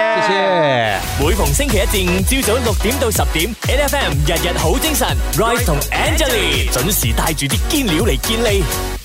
Yeah. 每逢星期一至五，朝早六點到十點，NFM 日日好精神。Rice 同 Angelie 準時帶住啲堅料嚟見你。